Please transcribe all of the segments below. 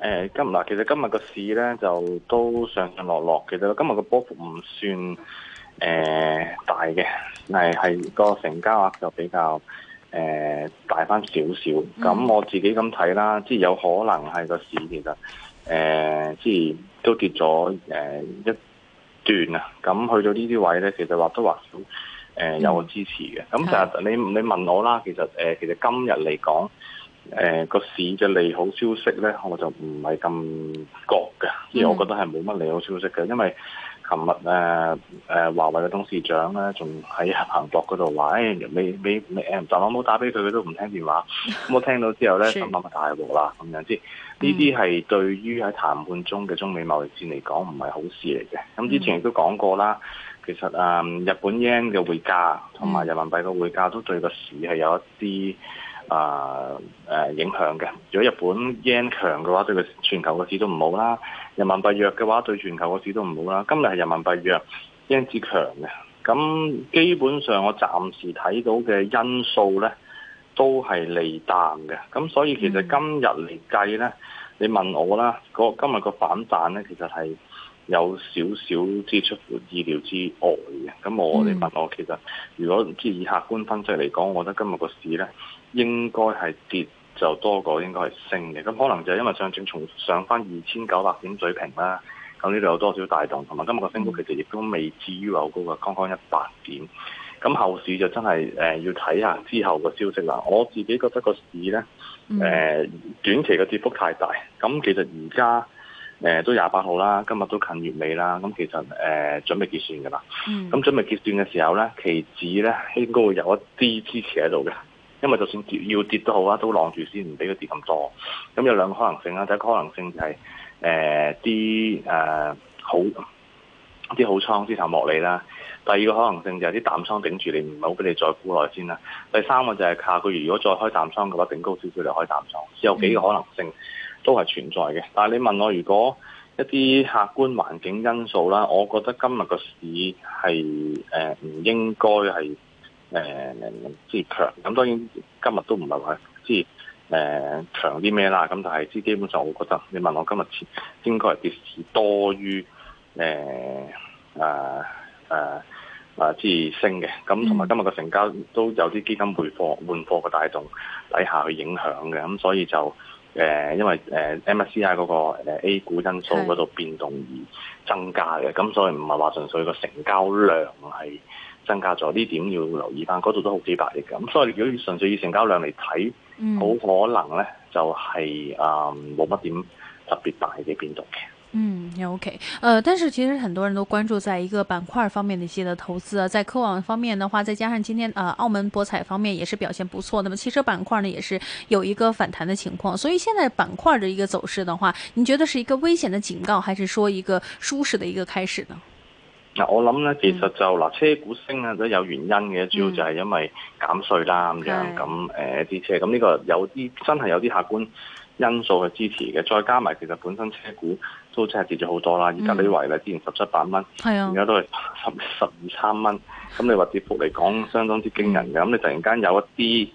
誒今嗱，其實今日個市咧就都上上落落嘅啫。其實今日個波幅唔算誒、呃、大嘅，係係個成交額就比較誒、呃、大翻少少。咁我自己咁睇啦，即係有可能係個市其實誒、呃，即係都跌咗誒一段啊。咁去到呢啲位咧，其實或多或少有個支持嘅。咁但係你你問我啦，其實誒、呃、其實今日嚟講。誒、呃、個市嘅利好消息咧，我就唔係咁覺嘅，因為我覺得係冇乜利好消息嘅，mm-hmm. 因為琴日咧誒、呃呃、華為嘅董事長咧仲喺彭博嗰度話誒你美咩 M，但我冇打俾佢，佢都唔聽電話。咁、mm-hmm. 我聽到之後咧，sure. 心諗大鑊啦咁樣先，呢啲係對於喺談判中嘅中美貿易戰嚟講，唔係好事嚟嘅。咁之前亦都講過啦，mm-hmm. 其實啊、呃、日本英嘅匯價同埋人民幣嘅匯價都對個市係有一啲。啊，啊影響嘅，如果日本 yen 強嘅話，對全球個市都唔好啦；人民幣弱嘅話，對全球個市都唔好啦。今日係人民幣弱，yen 至強嘅，咁基本上我暫時睇到嘅因素咧，都係利淡嘅。咁所以其實今日嚟計咧，mm. 你問我啦，嗰今日個反彈咧，其實係有少少出乎意料之外嘅。咁我、mm. 你問我其實，如果唔知以客觀分析嚟講，我覺得今日個市咧。應該係跌就多過應該係升嘅，咁可能就係因為上證從上翻二千九百點水平啦，咁呢度有多少大動，同埋今日嘅升幅其實亦都未至於有高啊，剛剛一百點。咁後市就真係誒、呃、要睇下之後嘅消息啦。我自己覺得個市咧誒、呃、短期嘅跌幅太大，咁其實而家誒都廿八號啦，今日都近月尾啦，咁其實誒、呃、準備結算㗎啦。咁、嗯、準備結算嘅時候咧，期指咧應該會有一啲支持喺度嘅。因為就算跌要跌都好啊，都晾住先，唔俾佢跌咁多。咁、嗯、有兩個可能性啦，第一,一個可能性就係誒啲誒好啲好倉資產落嚟啦；第二個可能性就係、是、啲淡倉頂住你，唔好俾你再沽耐先啦。第三個就係下個月，如果再開淡倉嘅話，頂高少少你開淡倉。只有幾個可能性都係存在嘅。但係你問我，如果一啲客觀環境因素啦，我覺得今日個市係誒唔應該係。呃呃呃、即係強咁當然今日都唔係話，之、呃、誒強啲咩啦，咁但係即基本上，我覺得你問我今日前應該係跌市多於誒、呃、啊啊啊即係升嘅，咁同埋今日個成交都有啲基金回貨換貨嘅帶動底下去影響嘅，咁所以就誒、呃，因為誒、呃、MSCI 嗰個 A 股因素嗰度、嗰個、變動而增加嘅，咁所以唔係話純粹個成交量係增加咗呢點要留意翻，嗰度都好幾百億嘅，咁所以如果純粹以成交量嚟睇，好、嗯、可能咧就係啊冇乜點特別大嘅變動嘅。嗯，OK，呃，但是其實很多人都關注在一個板塊方面的一些投資、啊，在科網方面的話，再加上今天呃澳門博彩方面也是表現不錯的，那麼汽車板塊呢也是有一個反彈嘅情況，所以現在板塊嘅一個走勢的話，你覺得是一個危險的警告，還是說一個舒適嘅一個開始呢？嗱，我諗咧，其實就嗱、嗯，車股升啊都有原因嘅，主要就係因為減稅啦咁樣，咁啲車，咁呢、呃、個有啲真係有啲客觀因素嘅支持嘅，再加埋其實本身車股都真係跌咗好多啦，而家你話嚟之前十七八蚊，嗯、啊，而家都係十十二三蚊，咁你話跌幅嚟講相當之驚人嘅，咁、嗯、你突然間有一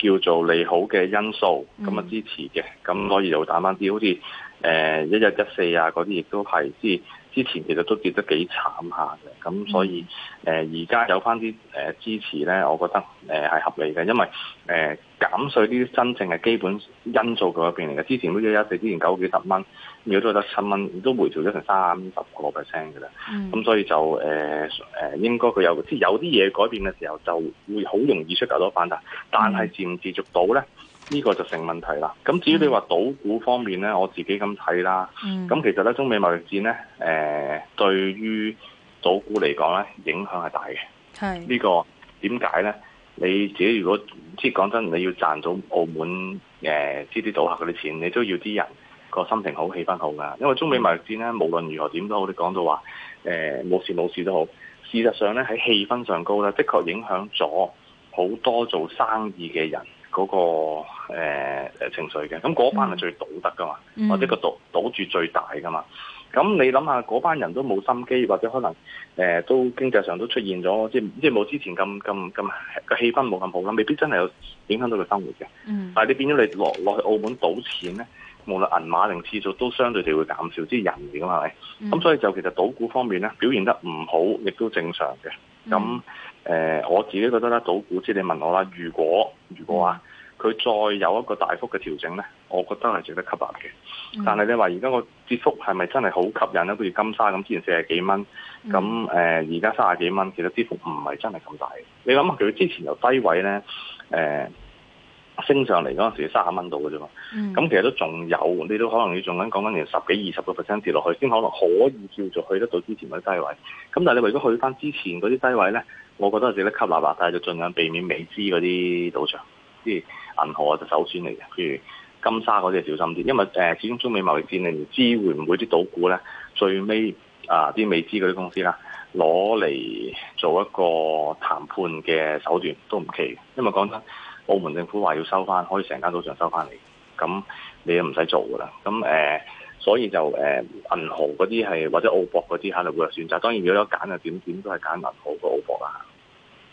啲叫做利好嘅因素咁啊支持嘅，咁、嗯、可以又打返啲，好似誒一一一四啊嗰啲，亦都係。之前其實都跌得幾慘下嘅，咁所以誒而家有翻啲誒支持咧，我覺得誒係、呃、合理嘅，因為誒、呃、減稅啲真正嘅基本因素改變嚟嘅。之前都一一四，之前九幾十蚊，如果都得七蚊，都回調咗成三十個 percent 嘅啦。咁、mm. 所以就誒誒、呃、應該佢有，即係有啲嘢改變嘅時候，就會好容易出嚟到反彈，mm. 但係持唔持續到咧？呢、呢個就成問題啦。咁至於你話賭股方面呢，嗯、我自己咁睇啦。咁、嗯、其實咧，中美貿易戰呢，誒、呃、對於賭股嚟講呢，影響係大嘅。係呢、呢個點解呢？你自己如果即係講真，你要賺到澳門誒呢啲賭客嗰啲錢，你都要啲人個心情好、氣氛好㗎。因為中美貿易戰呢，嗯、無論如何點都好，你講到話誒冇事冇事都好，事實上呢，喺氣氛上高呢，的確影響咗好多做生意嘅人。嗰、那個、呃、情緒嘅，咁嗰班係最賭得噶嘛、嗯，或者個賭賭注最大噶嘛，咁你諗下嗰班人都冇心機，或者可能誒、呃、都經濟上都出現咗，即係即係冇之前咁咁咁個氣氛冇咁好啦，未必真係有影響到佢生活嘅、嗯。但係你變咗你落落去澳門賭錢咧，無論銀碼定次數都相對地會減少，即係人嚟噶嘛，咁、嗯、所以就其實賭股方面咧表現得唔好，亦都正常嘅。咁、嗯、誒、嗯嗯，我自己覺得咧，早估知你問我啦。如果如果啊，佢再有一個大幅嘅調整咧，我覺得係值得吸納嘅。但係你話而家個跌幅係咪真係好吸引咧？譬如金沙咁，之前四十幾蚊，咁誒而家三十幾蚊，其實跌幅唔係真係咁大。你諗下佢之前由低位咧，誒、嗯。嗯呃升上嚟嗰時時，三啊蚊度嘅啫嘛，咁其實都仲有，你都可能要仲緊講緊年十幾二十個 percent 跌落去，先可能可以叫做去得到之前嗰啲低位。咁但係你為咗去翻之前嗰啲低位咧，我覺得自己吸納大、啊、就盡量避免美資嗰啲賭場，即係銀行啊就首選嚟嘅。譬如金沙嗰啲小心啲，因為誒，始終中美貿易戰，你唔知會唔會啲賭股咧，最尾啊啲美資嗰啲公司啦，攞嚟做一個談判嘅手段都唔奇，因為講真。澳門政府話要收翻，可以成間賭場收翻嚟，咁你又唔使做噶啦。咁誒、呃，所以就誒，銀河嗰啲係或者澳博嗰啲肯定會有選擇。當然要，如果有揀，揀就點點都係揀銀河過澳博啦，啊。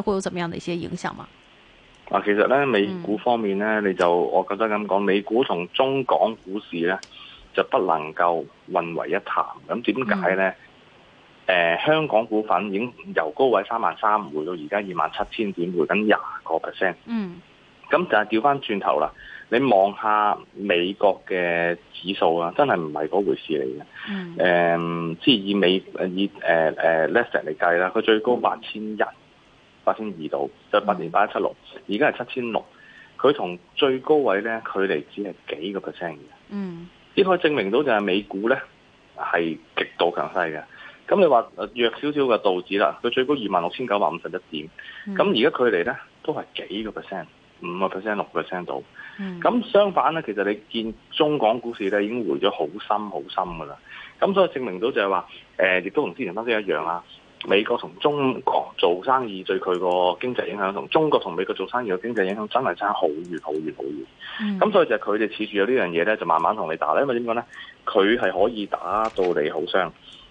會有怎麼樣的一些影響嗎？嗱，其實咧，美股方面咧，嗯、你就我覺得咁講，美股同中港股市咧，就不能夠混為一談。咁點解咧？誒、嗯呃，香港股份已經由高位三萬三回到而家二萬七千點，回緊廿個 percent。嗯。咁但係調翻轉頭啦，你望下美國嘅指數啦，真係唔係嗰回事嚟嘅。嗯、呃。誒，即係以美以誒誒 less 嚟計啦，佢、呃呃呃嗯呃，最高八千一。八千二度，就八年八一七六，而家係七千六，佢同最高位咧，距離只係幾個 percent 嘅。嗯，呢可以證明到就係美股咧係極度強勢嘅。咁你話弱少少嘅道指啦，佢最高二萬六千九百五十一點，咁而家距離咧都係幾個 percent，五個 percent、六 percent 度。咁、嗯、相反咧，其實你見中港股市咧已經回咗好深、好深噶啦。咁所以證明到就係話，誒、呃，亦都同之前分析一樣啦。美國同中國做生意對，對佢個經濟影響同中國同美國做生意嘅經濟影響真係差好遠好遠好遠。咁、mm. 所以就係佢哋恃住有呢樣嘢咧，就慢慢同你打。因為點解咧，佢係可以打到你好傷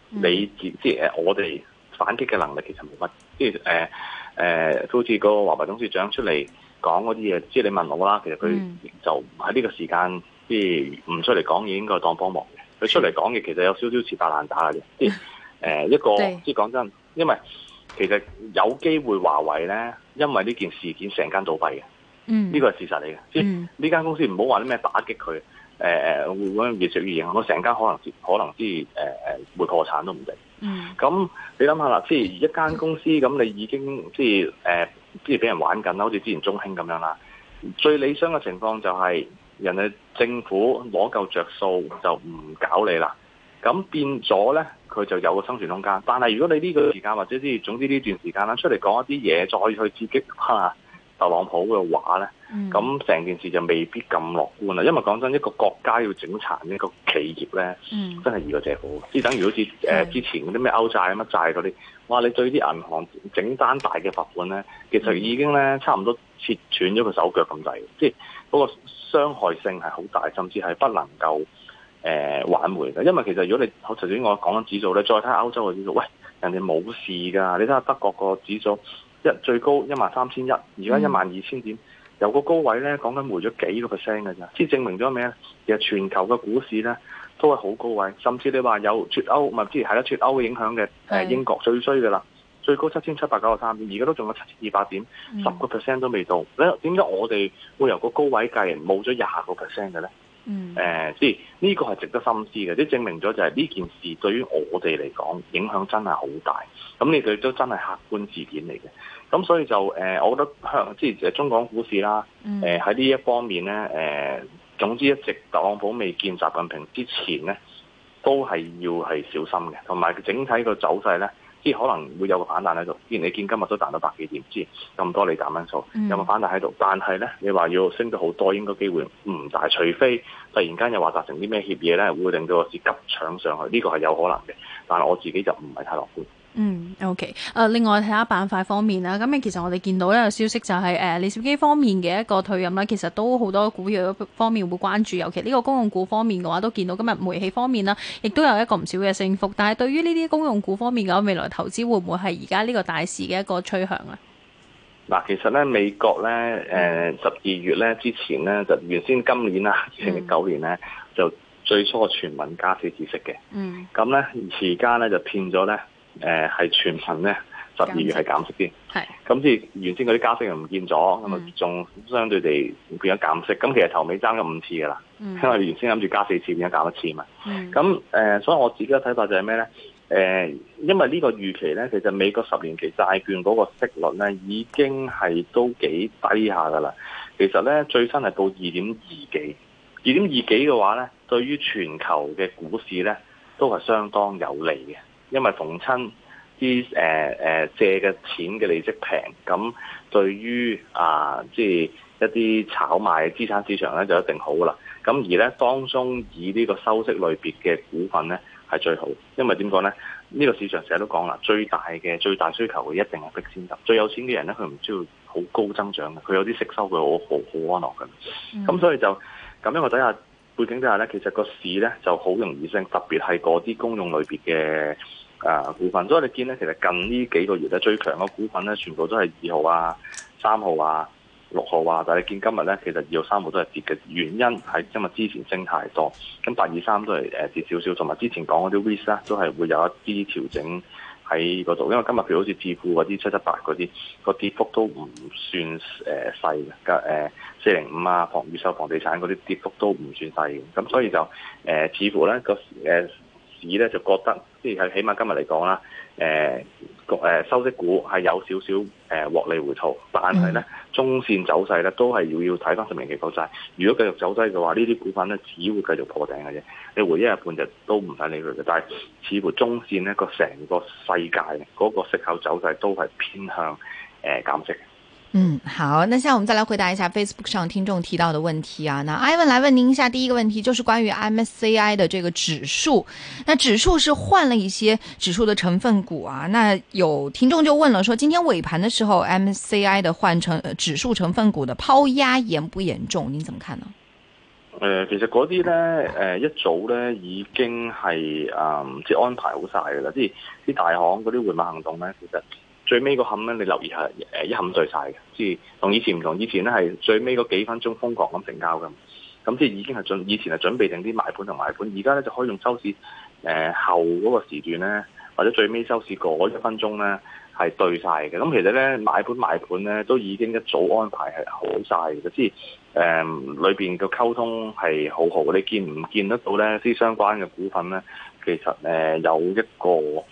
，mm. 你即係誒，我哋反擊嘅能力其實冇乜。即係誒誒，好似個華為董事長出嚟講嗰啲嘢，即係你問我啦。其實佢就唔喺呢個時間，mm. 即係唔出嚟講嘢，應該當幫忙嘅。佢出嚟講嘢，其實有少少似白爛打嘅。即 誒，一個即係講真，因為其實有機會華為咧，因為呢件事件成間倒閉嘅，呢個係事實嚟嘅，嗯。即係呢間公司唔好話啲咩打擊佢，誒、呃、誒，會咁越嚟越影響我成間，可能可能即係誒誒會破產都唔定。嗯，咁你諗下啦，即係一間公司咁，咁你已經即係誒，即係俾、呃、人玩緊啦，好似之前中興咁樣啦。最理想嘅情況就係、是、人哋政府攞夠着數就唔搞你啦。咁變咗咧？佢就有個生存空間，但係如果你呢個時間或者之，總之呢段時間啦，出嚟講一啲嘢，再去刺激下特朗普嘅話咧，咁、mm. 成件事就未必咁樂觀啦。因為講真，一個國家要整殘一個企業咧，mm. 真係易過借火，即係等於好似誒之前啲咩歐債啊乜債嗰啲，哇！你對啲銀行整單大嘅罰款咧，其實已經咧差唔多切斷咗佢手腳咁滯，即係嗰個傷害性係好大，甚至係不能夠。誒、呃、挽回嘅，因為其實如果你頭先我講緊指數咧，再睇下歐洲嘅指數，喂，人哋冇事㗎，你睇下德國個指數一最高一萬三千一，而家一萬二千點，由個高位咧講緊回咗幾個 percent 㗎咋？即係證明咗咩咧？其實全球嘅股市咧都係好高位，甚至你話有脱歐，唔係之前係啦，脱歐影響嘅誒英國最衰㗎啦，最高七千七百九十三點，而家都仲有七千二百點，十個 percent 都未到。咧點解我哋會由個高位計冇咗廿個 percent 嘅咧？嗯，誒、呃，即係呢個係值得深思嘅，即係證明咗就係呢件事對於我哋嚟講影響真係好大，咁你哋都真係客觀事件嚟嘅，咁所以就誒、呃，我覺得香即係中港股市啦，誒喺呢一方面咧，誒、呃，總之一直特朗普未見習近平之前咧，都係要係小心嘅，同埋整體個走勢咧。即係可能會有個反彈喺度，既然你見今日都賺到百幾點，知咁多你賺因數有冇反彈喺度。嗯、但係咧，你話要升到好多，應該機會唔大，除非突然間又話達成啲咩協議咧，會令到個市急搶上去。呢、呢個係有可能嘅，但係我自己就唔係太樂觀。嗯，OK。誒，另外睇下板塊方面啦。咁誒，其實我哋見到呢個消息就係誒李兆基方面嘅一個退任呢。其實都好多股票方面會關注，尤其呢個公用股方面嘅話，都見到今日煤氣方面啦，亦都有一個唔少嘅升幅。但係對於呢啲公用股方面嘅話，未來投資會唔會係而家呢個大市嘅一個趨向啊？嗱，其實呢，美國呢，誒十二月呢之前呢，就原先今年啦，二零零九年呢，就最初傳聞加息知息嘅。嗯。咁呢而家呢，就變咗呢。誒、呃、係全份咧十二月係減息先。咁即係原先嗰啲加息又唔見咗，咁啊仲相對地變咗減息。咁、嗯、其實頭尾爭咗五次噶啦、嗯，因為原先諗住加四次變咗減一次啊嘛。咁、嗯、誒、呃，所以我自己嘅睇法就係咩咧？誒、呃，因為呢個預期咧，其實美國十年期債券嗰個息率咧已經係都幾低下噶啦。其實咧最新係到二點二幾，二點二幾嘅話咧，對於全球嘅股市咧都係相當有利嘅。因為逢親啲誒借嘅錢嘅利息平，咁對於啊即係一啲炒賣資產市場咧就一定好噶啦。咁而咧當中以呢個收息類別嘅股份咧係最好，因為點講咧？呢、呢個市場成日都講啦，最大嘅最大需求嘅一定係逼先得，最有錢嘅人咧佢唔需要好高增長嘅，佢有啲息收佢我好好安樂嘅。咁、嗯、所以就咁樣我睇下。背景之下咧，其實個市咧就好容易升，特別係嗰啲公用類別嘅啊股份。所以你見咧，其實近呢幾個月咧，最強嘅股份咧，全部都係二號啊、三號啊、六號啊。但你見今日咧，其實二號、三號都係跌嘅，原因係因為之前升太多，咁八二三都係誒跌少少，同埋之前講嗰啲 risk 啊，都係會有一啲調整。喺嗰度，因為今日佢好似似乎嗰啲七七八八嗰啲個跌幅都唔算誒、呃、細嘅，加四零五啊，405，房預售房地產嗰啲跌幅都唔算細嘅，咁所以就誒、呃、似乎咧個誒，市咧就覺得，即係起碼今日嚟講啦，誒、呃，誒收息股係有少少誒獲利回吐，但係咧中線走勢咧都係要要睇翻十年期國債。如果繼續走低嘅話，呢啲股份咧只會繼續破頂嘅啫。你回一日半日都唔使理佢嘅，但係似乎中線咧個成個世界嗰個息口走勢都係偏向誒減息嘅。嗯，好，那現在我們再來回答一下 Facebook 上聽眾提到的問題啊。那 Ivan 來問您一下，第一個問題就是關於 MSCI 的這個指數，那指數是換了一些指數的成分股啊。那有聽眾就問了，說今天尾盤的時候，MSCI 的換成指數成分股的拋壓嚴不嚴重？您怎麼看呢？呃其實嗰啲呢、呃，一早呢，已經係即、呃、安排好晒噶啦，即係啲大行嗰啲回馬行動呢，其實。最尾個冚咧，你留意下，誒一冚對晒嘅，即係同以前唔同。以前咧係最尾嗰幾分鐘瘋狂咁成交嘅，咁即係已經係準，以前係準備定啲買盤同賣盤，而家咧就可以用收市誒、呃、後嗰個時段咧，或者最尾收市嗰一分鐘咧係對晒嘅。咁其實咧買盤賣盤咧都已經一早安排係好晒嘅，即係誒裏面嘅溝通係好好嘅。你見唔見得到咧？啲相關嘅股份咧，其實誒、呃、有一個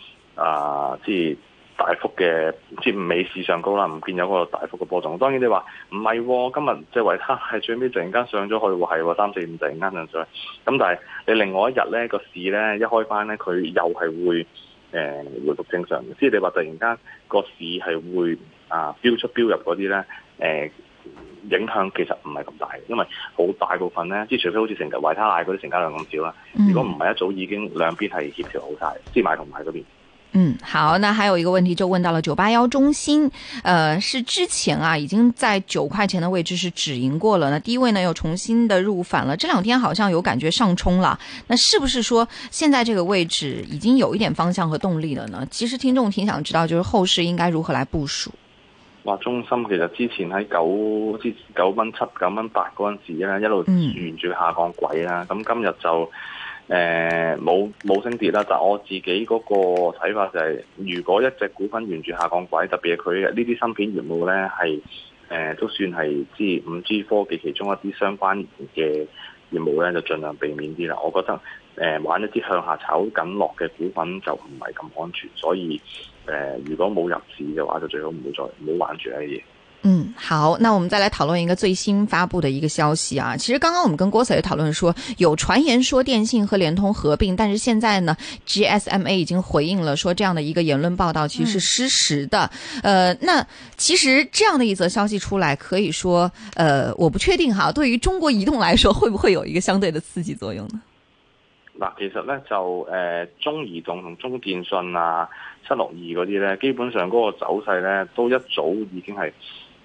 啊，即、呃、係。就是大幅嘅即係美市上高啦，唔見有個大幅嘅波動。當然你話唔係，今日即係維他係最尾突然間上咗去喎，係喎三四五突然間上去。咁、啊、但係你另外一日咧個市咧一開翻咧佢又係會誒、呃、回復正常。即係你話突然間個市係會啊飆出飆入嗰啲咧影響其實唔係咁大，因為好大部分咧即係除非好似成日維他奶嗰啲成交量咁少啦、嗯。如果唔係一早已經兩邊係協調好晒，即係買同賣嗰邊。嗯，好，那還有一個問題就問到了九八幺中心，呃，是之前啊已經在九塊錢的位置是止盈過了，那低位呢又重新的入返了，這兩天好像有感覺上衝了，那是不是說現在這個位置已經有一點方向和動力了呢？其實聽眾挺想知道，就是後市應該如何來部署。哇，中心其實之前喺九、之九蚊七、九蚊八嗰陣時呢，一路沿住下降軌啦，咁、嗯、今日就。誒冇冇升跌啦，但我自己嗰個睇法就係、是，如果一隻股份沿住下降軌，特別係佢呢啲芯片業務咧，係誒、呃、都算係即係 5G 科技其中一啲相關嘅業務咧，就盡量避免啲啦。我覺得、呃、玩一啲向下炒緊落嘅股份就唔係咁安全，所以誒、呃、如果冇入市嘅話，就最好唔好再唔好玩住呢啲嘢。嗯，好，那我們再來討論一個最新發布的一個消息啊。其實剛剛我們跟郭 Sir 也討論說，有傳言說電信和聯通合併，但是現在呢，GSMA 已經回應了，說這樣的一個言論報道其實是失實的。嗯。呃，那其實這樣的一則消息出來，可以說，呃，我不確定哈，對於中國移動來說，會不會有一個相對的刺激作用呢？嗱，其實呢，就呃，中移動同中電信啊，七六二嗰啲呢，基本上嗰個走勢呢，都一早已經係。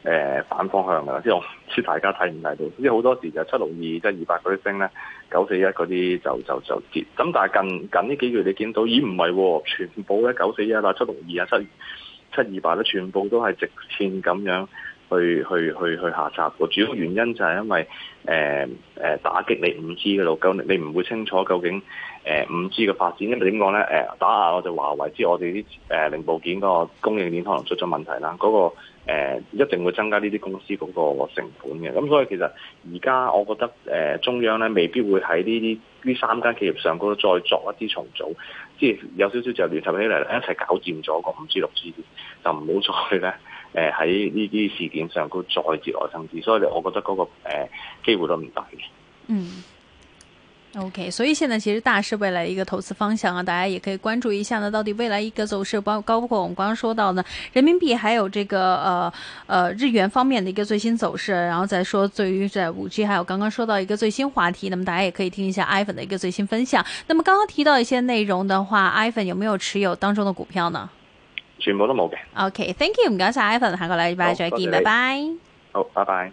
誒反方向㗎，即係我唔知大家睇唔睇到？即係好多時就七六二、七二八嗰啲升咧，九四一嗰啲就就就跌。咁但係近近呢幾月你見到，咦唔係，全部咧九四一啦、七六二啊、七七二八咧，全部都係直線咁樣去去去去下砸㗎。主要原因就係因為誒、呃、打擊你五 G 嘅路，你唔會清楚究竟誒五 G 嘅發展因為點講咧？打壓我哋華為，即係我哋啲、呃、零部件嗰個供應鏈可能出咗問題啦，嗰、嗰個。誒一定會增加呢啲公司嗰個成本嘅，咁所以其實而家我覺得誒中央咧未必會喺呢啲呢三間企業上高再作一啲重組，即係有少少就聯合起嚟一齊搞掂咗個五 G 六 G 就唔好再咧誒喺呢啲事件上高再節外生枝，所以我覺得嗰個誒機會都唔大嘅。嗯。OK，所以現在其實大是未來一個投資方向啊，大家也可以關注一下呢，到底未來一個走勢包包括高我們剛剛說到的人民幣，還有這個呃呃日元方面的一個最新走勢，然後再說對於在 5G 還有剛剛說到一個最新話題，那麼大家也可以聽一下 iPhone 的一個最新分享。那麼剛剛提到一些內容的話，iPhone 有沒有持有當中的股票呢？全部都冇嘅。OK，Thank you，我們剛才 iPhone 一拜，Goodbye，拜拜。好，拜拜。